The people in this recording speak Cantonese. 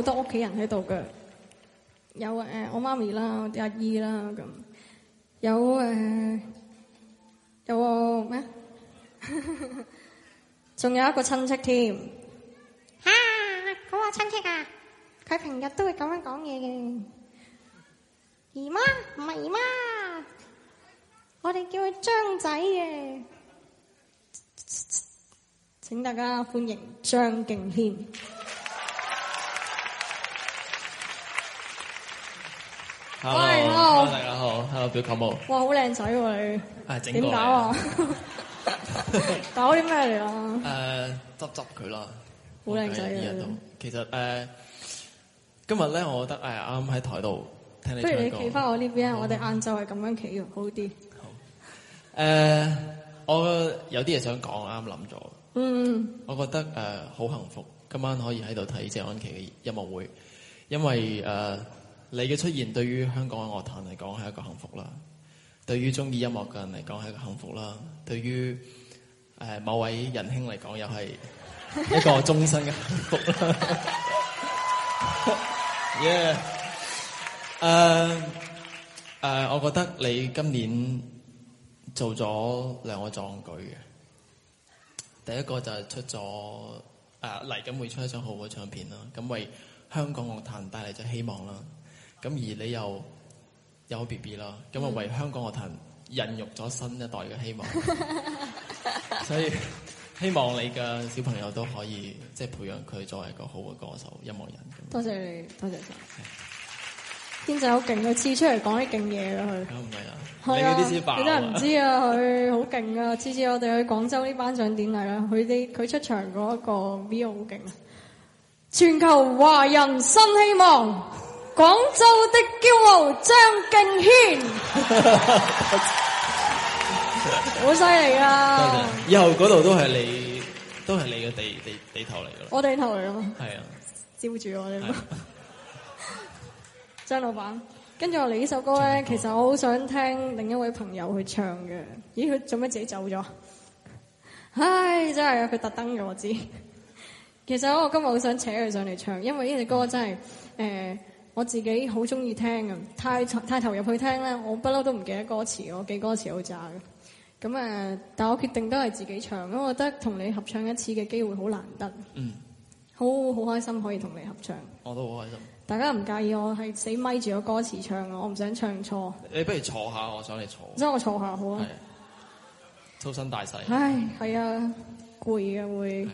好多屋企人喺度嘅，有誒我媽咪啦，啲阿姨啦咁，有誒有個咩？仲有一個親戚添。吓，好啊，親戚啊？佢平日都會咁樣講嘢嘅。姨媽唔係姨媽，我哋叫佢張仔嘅。請大家歡迎張敬軒。喂，大家好，Hello 係咯，表舅母。哇，好靚仔喎你，點、哎、搞啊？ 搞啲咩嚟啊？誒、uh,，執執佢啦。好靚仔。其實誒，uh, 今日咧，我覺得誒，啱、哎、喺台度聽你唱歌。不如你企翻我呢邊，吧我哋晏晝係咁樣企好啲。好。誒，我有啲嘢想講，啱諗咗。嗯。我覺得誒，好、uh, 幸福，今晚可以喺度睇謝安琪嘅音樂會，因為誒。Uh, 你嘅出現對於香港嘅樂壇嚟講係一個幸福啦，對於鍾意音樂嘅人嚟講係一個幸福啦，對於誒某位仁兄嚟講又係一個終身嘅幸福啦。耶！誒誒，我覺得你今年做咗兩個壯舉嘅，第一個就係出咗誒嚟緊會出一張好嘅唱片啦，咁為香港樂壇帶嚟咗希望啦。咁而你又有 B B 啦，咁啊為香港樂壇孕育咗新一代嘅希望， 所以希望你嘅小朋友都可以即係培養佢作為一個好嘅歌手、音樂人。多謝你，多謝晒。對天仔好勁啊， 次出嚟講啲勁嘢啊，佢。唔係啊，你嗰啲是扮。你真係唔知啊，佢好勁啊！次次我哋去廣州呢，頒獎典禮啦，佢啲佢出場嗰一個 view 好勁啊！全球華人新希望。廣州的驕傲張敬軒，好犀利啊，謝謝！以後嗰度都係你，都係你嘅地地地頭嚟噶啦。我地頭嚟啊嘛，係啊，照住我哋張、啊、 老闆。跟住我哋呢首歌咧，其實我好想聽另一位朋友去唱嘅。咦，佢做咩自己走咗？唉，真係佢特登嘅，我知。其實我今日好想請佢上嚟唱，因為呢隻歌真係誒。嗯呃我自己好中意聽啊，太太投入去聽咧，我不嬲都唔記得歌詞，我記歌詞好渣嘅。咁誒，但係我決定都係自己唱，我覺得同你合唱一次嘅機會好難得。嗯很，好好開心可以同你合唱。我都好開心。大家唔介意我係死咪住個歌詞唱啊，我唔想唱錯。你不如坐下，我上嚟坐。即係我坐下好啊。粗身大細。唉，係啊，攰啊，會。